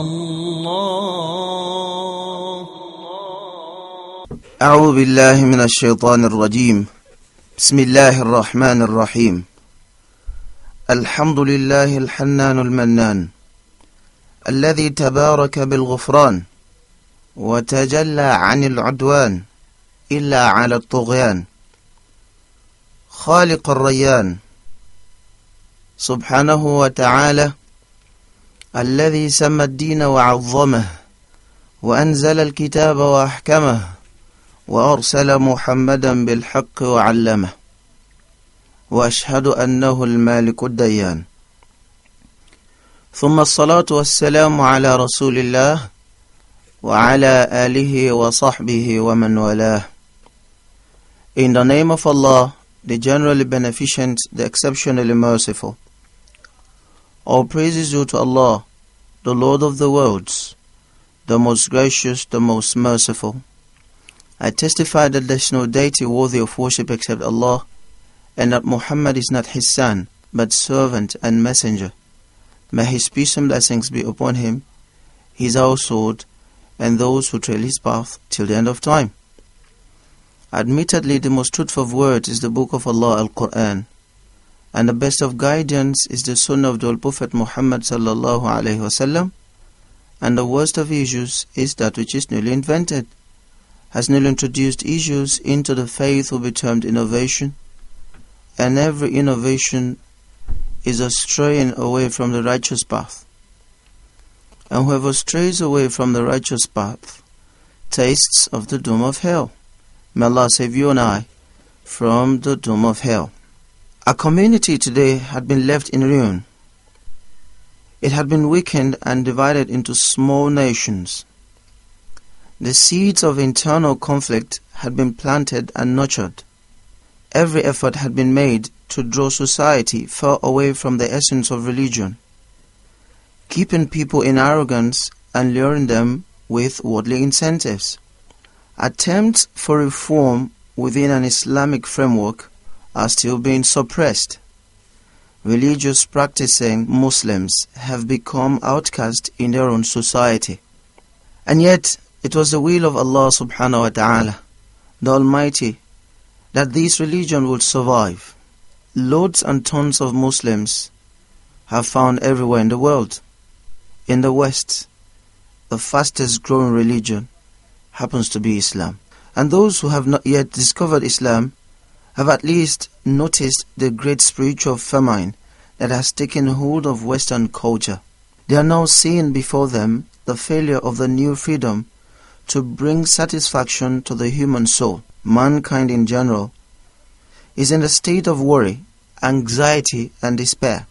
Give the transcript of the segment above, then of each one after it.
الله أعوذ بالله من الشيطان الرجيم بسم الله الرحمن الرحيم الحمد لله الحنان المنان الذي تبارك بالغفران وتجلى عن العدوان إلا على الطغيان خالق الريان سبحانه وتعالى الذي سمى الدين وعظمه وأنزل الكتاب وأحكمه وأرسل محمدا بالحق وعلمه وأشهد أنه المالك الديان ثم الصلاة والسلام على رسول الله وعلى آله وصحبه ومن والاه In the name of Allah, the generally beneficent, the exceptionally merciful. All praises due to Allah, the Lord of the worlds, the most gracious, the most merciful. I testify that there is no deity worthy of worship except Allah, and that Muhammad is not his son, but servant and messenger. May his peace and blessings be upon him, his household, and those who trail his path till the end of time. Admittedly, the most truthful of words is the Book of Allah, Al Quran and the best of guidance is the sunnah of the Prophet Muhammad sallallahu alaihi wasallam and the worst of issues is that which is newly invented. has newly introduced issues into the faith will be termed innovation, and every innovation is a straying away from the righteous path. And whoever strays away from the righteous path tastes of the doom of hell. May Allah save you and I from the doom of hell. A community today had been left in ruin. It had been weakened and divided into small nations. The seeds of internal conflict had been planted and nurtured. Every effort had been made to draw society far away from the essence of religion, keeping people in arrogance and luring them with worldly incentives. Attempts for reform within an Islamic framework are still being suppressed. Religious practicing Muslims have become outcast in their own society. And yet, it was the will of Allah subhanahu wa ta'ala, the Almighty, that this religion would survive. Loads and tons of Muslims have found everywhere in the world. In the West, the fastest growing religion happens to be Islam. And those who have not yet discovered Islam have at least noticed the great spiritual famine that has taken hold of Western culture. They are now seeing before them the failure of the new freedom to bring satisfaction to the human soul. Mankind in general is in a state of worry, anxiety, and despair.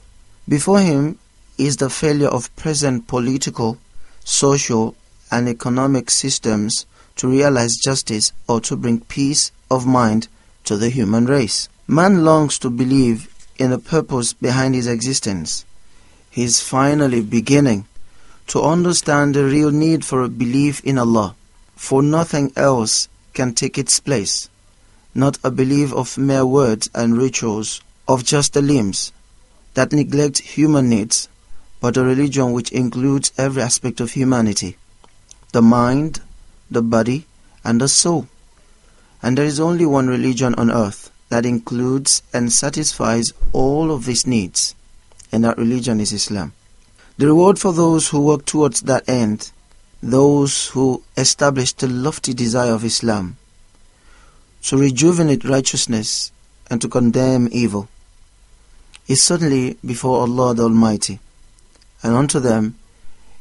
Before him is the failure of present political, social, and economic systems to realize justice or to bring peace of mind to the human race. Man longs to believe in a purpose behind his existence. He is finally beginning to understand the real need for a belief in Allah, for nothing else can take its place, not a belief of mere words and rituals, of just the limbs, that neglect human needs, but a religion which includes every aspect of humanity the mind, the body, and the soul. And there is only one religion on earth that includes and satisfies all of these needs, and that religion is Islam. The reward for those who work towards that end, those who establish the lofty desire of Islam, to rejuvenate righteousness and to condemn evil, is certainly before Allah the Almighty, and unto them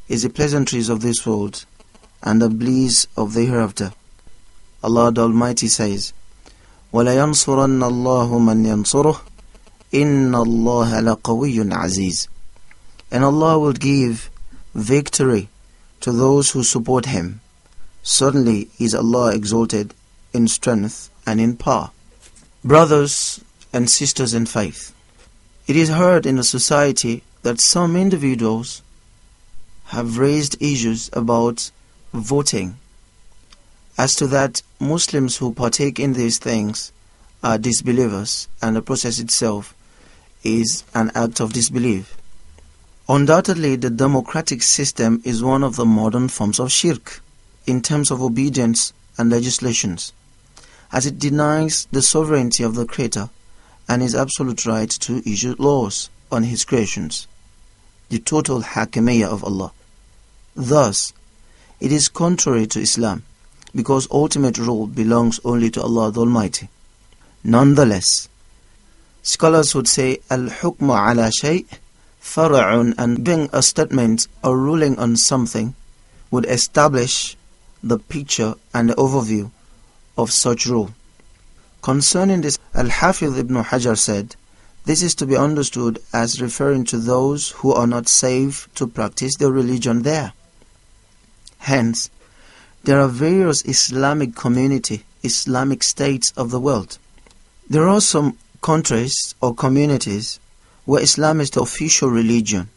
is the pleasantries of this world and the bliss of the hereafter. Allah the Almighty says, وَلَيَنْصُرَنَّ اللَّهُ مَنْ يَنْصُرُهُ إِنَّ اللَّهَ لَقَوِيٌّ عَزِيزٌ And Allah will give victory to those who support Him. Certainly is Allah exalted in strength and in power. Brothers and sisters in faith, it is heard in a society that some individuals have raised issues about voting. As to that, Muslims who partake in these things are disbelievers, and the process itself is an act of disbelief. Undoubtedly, the democratic system is one of the modern forms of shirk in terms of obedience and legislations, as it denies the sovereignty of the Creator and his absolute right to issue laws on his creations, the total hakimiyah of Allah. Thus, it is contrary to Islam because ultimate rule belongs only to Allah the Almighty. Nonetheless, scholars would say al-hukma ala shay' fara'un and doing a statement or ruling on something would establish the picture and overview of such rule. Concerning this, Al-Hafiz ibn Hajar said, this is to be understood as referring to those who are not safe to practice their religion there. Hence, there are various Islamic community, Islamic states of the world. There are some countries or communities where Islam is the official religion.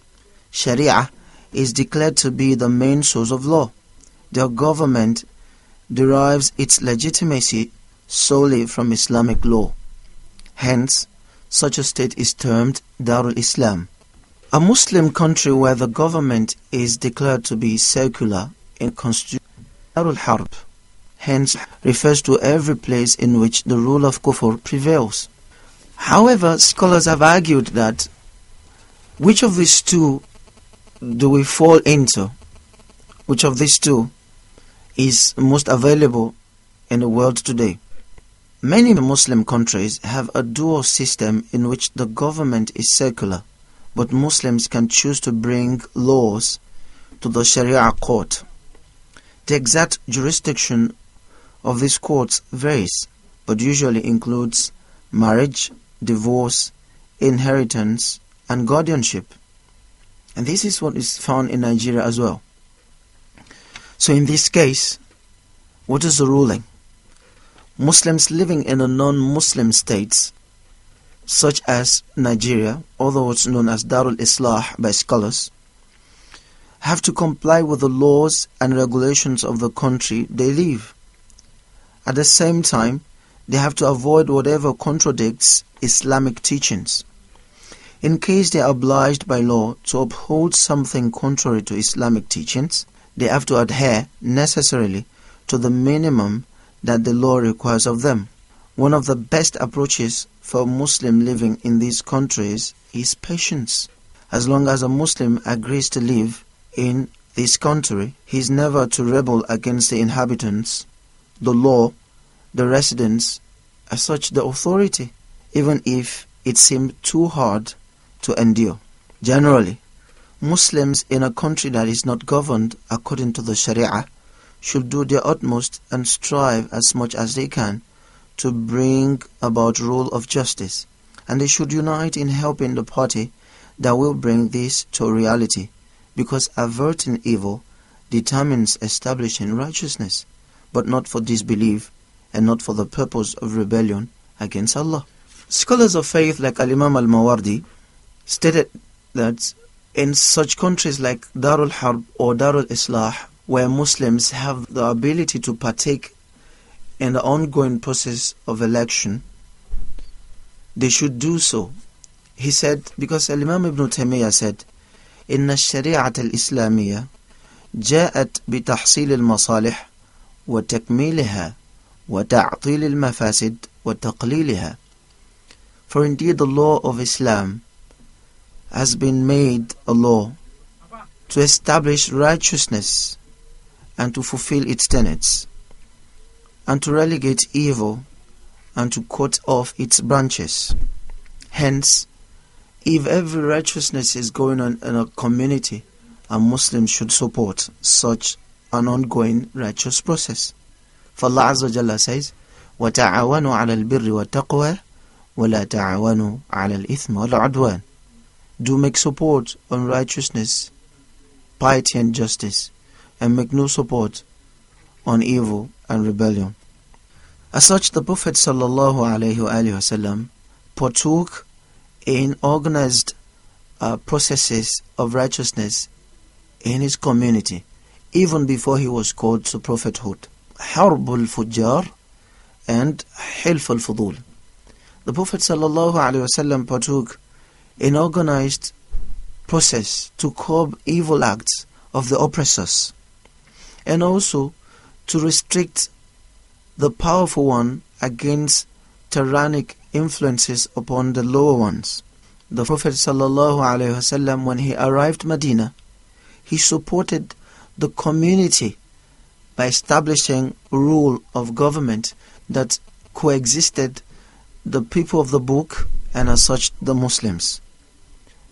Sharia is declared to be the main source of law. Their government derives its legitimacy solely from Islamic law. Hence, such a state is termed Darul Islam. A Muslim country where the government is declared to be secular in constitution Darul Harb hence refers to every place in which the rule of kufr prevails. However, scholars have argued that which of these two do we fall into? Which of these two is most available in the world today? Many Muslim countries have a dual system in which the government is secular, but Muslims can choose to bring laws to the Sharia court. The exact jurisdiction of these courts varies, but usually includes marriage, divorce, inheritance, and guardianship. And this is what is found in Nigeria as well. So, in this case, what is the ruling? Muslims living in a non Muslim state, such as Nigeria, although it's known as Darul Islah by scholars, have to comply with the laws and regulations of the country they live. At the same time, they have to avoid whatever contradicts Islamic teachings. In case they are obliged by law to uphold something contrary to Islamic teachings, they have to adhere necessarily to the minimum that the law requires of them. One of the best approaches for a Muslim living in these countries is patience. As long as a Muslim agrees to live in this country, he is never to rebel against the inhabitants, the law, the residents, as such the authority, even if it seemed too hard to endure. Generally, Muslims in a country that is not governed according to the Sharia should do their utmost and strive as much as they can to bring about rule of justice, and they should unite in helping the party that will bring this to reality because averting evil determines establishing righteousness, but not for disbelief and not for the purpose of rebellion against Allah. Scholars of faith like Al Imam Al Mawardi stated that in such countries like Darul Harb or Darul Islah, where Muslims have the ability to partake in the ongoing process of election, they should do so. He said, because Al Imam Ibn Taymiyyah said, إن الشريعة الإسلامية جاءت بتحصيل المصالح وتكميلها وتعطيل المفاسد وتقليلها. For indeed the law of Islam has been made a law to establish righteousness and to fulfill its tenets, and to relegate evil and to cut off its branches. Hence, If every righteousness is going on in a community, a Muslim should support such an ongoing righteous process. For Allah Azza Jalla says, وَتَعَوَنُوا عَلَى الْبِرِّ وَالتَّقْوَى وَلَا تَعَوَنُوا عَلَى الْإِثْمِ وَالْعُدْوَانِ Do make support on righteousness, piety and justice, and make no support on evil and rebellion. As such, the Prophet sallallahu alaihi wasallam partook in organized uh, processes of righteousness in his community, even before he was called to prophethood. Harbul Fujar and Hilf Fudul. The Prophet ﷺ partook in organized process to curb evil acts of the oppressors and also to restrict the powerful one against tyrannic influences upon the lower ones. The Prophet ﷺ, when he arrived Medina, he supported the community by establishing rule of government that coexisted the people of the book and as such the Muslims.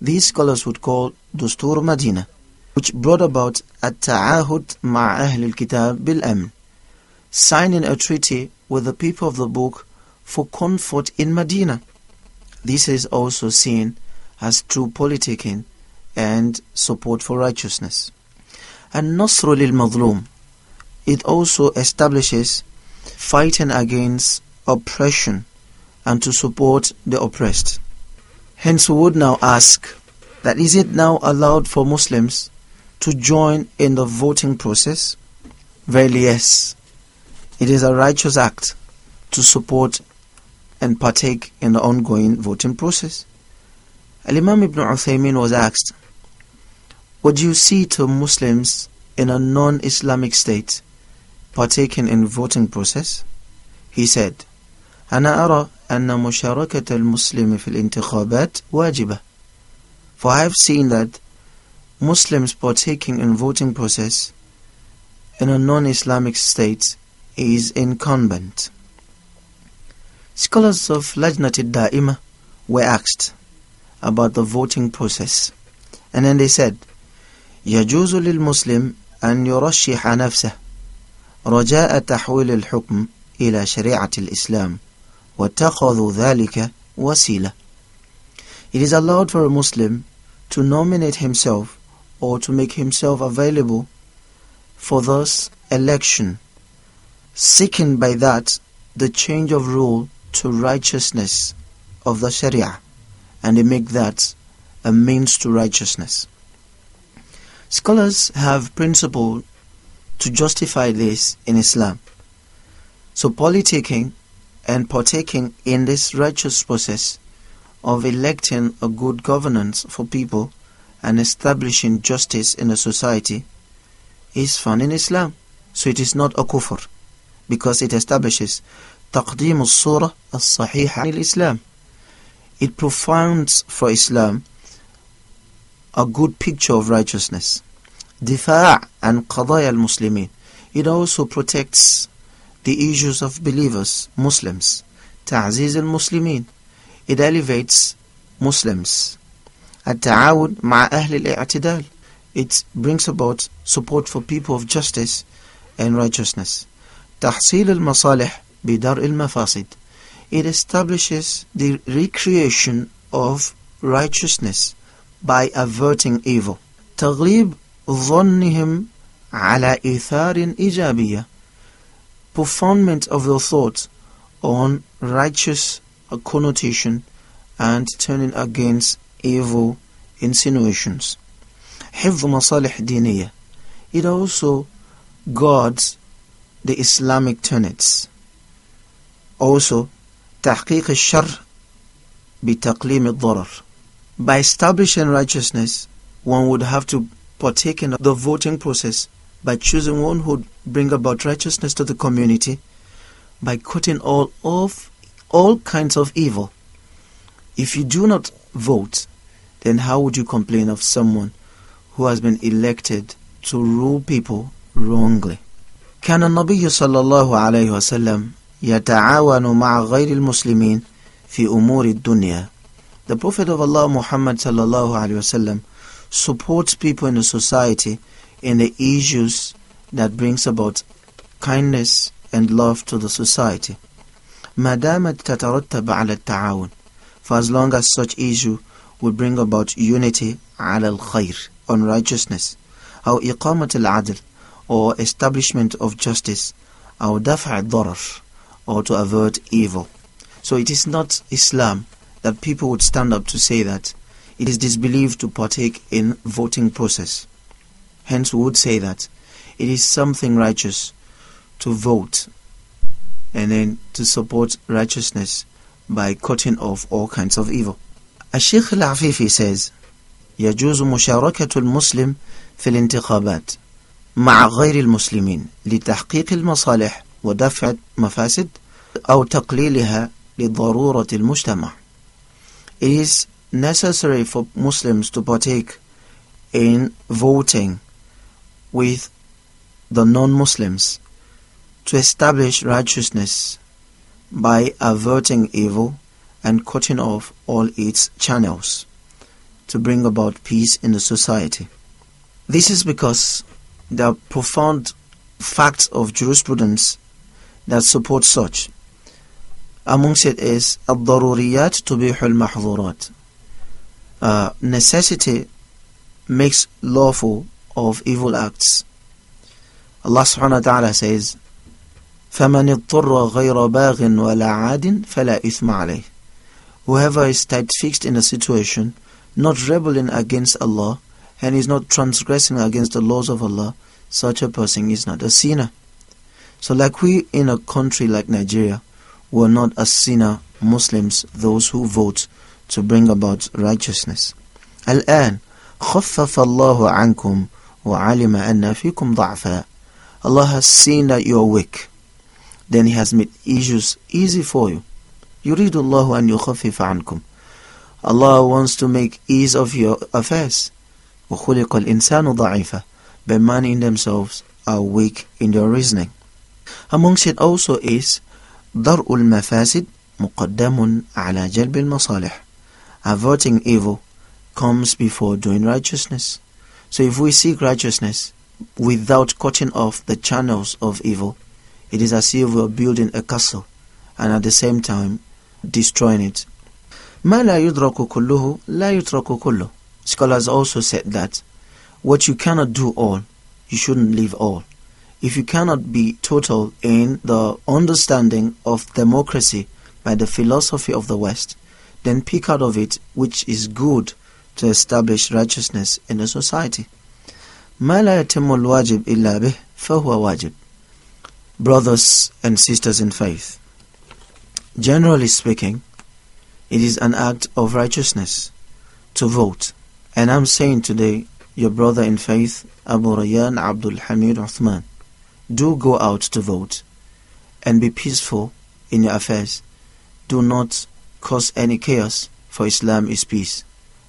These scholars would call Dustur Medina, which brought about At-Ta'ahud Ma'a Kitab Bil-Amn, signing a treaty with the people of the book for comfort in Medina. This is also seen as true politicking and support for righteousness. And Nasr lil Madlum, it also establishes fighting against oppression and to support the oppressed. Hence, we would now ask that is it now allowed for Muslims to join in the voting process? Verily, yes. It is a righteous act to support and partake in the ongoing voting process. Al-Imam Ibn Uthaymeen was asked, "What do you see to Muslims in a non-Islamic state partaking in voting process? He said, أنا أرى أن مشاركة المسلم في الانتخابات واجبة. For I have seen that Muslims partaking in voting process in a non-Islamic state is incumbent. Scholars of Lajnat Da'ima were asked about the voting process. And then they said, يجوز للمسلم أن يرشح نفسه رجاء تحويل الحكم إلى شريعة الإسلام واتخذوا ذلك وسيلة It is allowed for a Muslim to nominate himself or to make himself available for this election, seeking by that the change of rule to righteousness of the Sharia and they make that a means to righteousness. Scholars have principle to justify this in Islam. So politicking and partaking in this righteous process of electing a good governance for people and establishing justice in a society is found in Islam. So it is not a kufr because it establishes. تقديم الصورة الصحيحة عن الإسلام It profounds for Islam a good picture of righteousness دفاع عن قضايا المسلمين It also protects the issues of believers, Muslims تعزيز المسلمين It elevates Muslims التعاون مع أهل الاعتدال It brings about support for people of justice and righteousness تحصيل المصالح il Mafasid. it establishes the recreation of righteousness by averting evil تغليب ظنهم على إثار إيجابية performance of the thoughts on righteous connotation and turning against evil insinuations حفظ مصالح دينية it also guards the Islamic tenets also, تحقيق الشر بتقليم الضرر. By establishing righteousness, one would have to partake in the voting process by choosing one who would bring about righteousness to the community by cutting all off all kinds of evil. If you do not vote, then how would you complain of someone who has been elected to rule people wrongly? كان النبي صلى الله عليه وسلم يتعاون مع غير المسلمين في أمور الدنيا. The Prophet of Allah Muhammad sallallahu alaihi wasallam supports people in the society in the issues that brings about kindness and love to the society. ما دامت تترتب على التعاون for as long as such issue will bring about unity على الخير on righteousness أو إقامة العدل or establishment of justice أو دفع الضرر or to avert evil. So it is not Islam that people would stand up to say that it is disbelieved to partake in voting process. Hence we would say that it is something righteous to vote and then to support righteousness by cutting off all kinds of evil. Al-Afifi says يجوز مشاركة المسلم في الانتخابات مع غير المسلمين لتحقيق المصالح ودفع مفاسد أو تقليلها لضرورة المجتمع. It is necessary for Muslims to partake in voting with the non-Muslims to establish righteousness by averting evil and cutting off all its channels to bring about peace in the society. This is because the profound facts of jurisprudence that support such. Amongst it is الضروريات تبيح المحظورات. necessity makes lawful of evil acts. Allah subhanahu wa ta'ala says, فَمَنِ اضْطُرَّ غَيْرَ بَاغٍ وَلَا عَادٍ فَلَا إِثْمَ عَلَيْهِ Whoever is fixed in a situation, not rebelling against Allah, and is not transgressing against the laws of Allah, such a person is not a sinner. So, like we in a country like Nigeria, we're not as sinner Muslims those who vote to bring about righteousness. الآن خفف الله عنكم وعلم أن فيكم Allah has seen that you are weak. Then He has made issues easy for you. read Allah أن يخفف عنكم Allah wants to make ease of your affairs. وخلق الإنسان ضعيفا But man in themselves are weak in their reasoning. Amongst it also is ul المفاسد مقدم على جلب المصالح. Averting evil comes before doing righteousness. So if we seek righteousness without cutting off the channels of evil, it is as if we are building a castle and at the same time destroying it. ما لا يدرك كله لا يترك كله. Scholars also said that what you cannot do all, you shouldn't leave all if you cannot be total in the understanding of democracy by the philosophy of the West, then pick out of it which is good to establish righteousness in a society. Brothers and sisters in faith, generally speaking, it is an act of righteousness to vote. And I'm saying today, your brother in faith, Abu Rayyan Abdul Hamid Uthman do go out to vote and be peaceful in your affairs. Do not cause any chaos, for Islam is peace.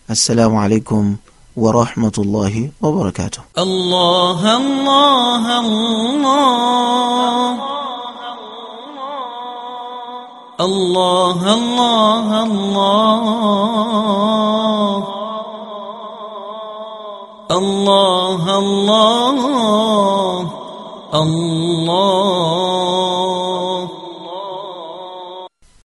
Assalamu alaikum wa rahmatullahi wa barakatuh. Allah, Allah, Allah. Allah, Allah, Allah. Allah, Allah. الله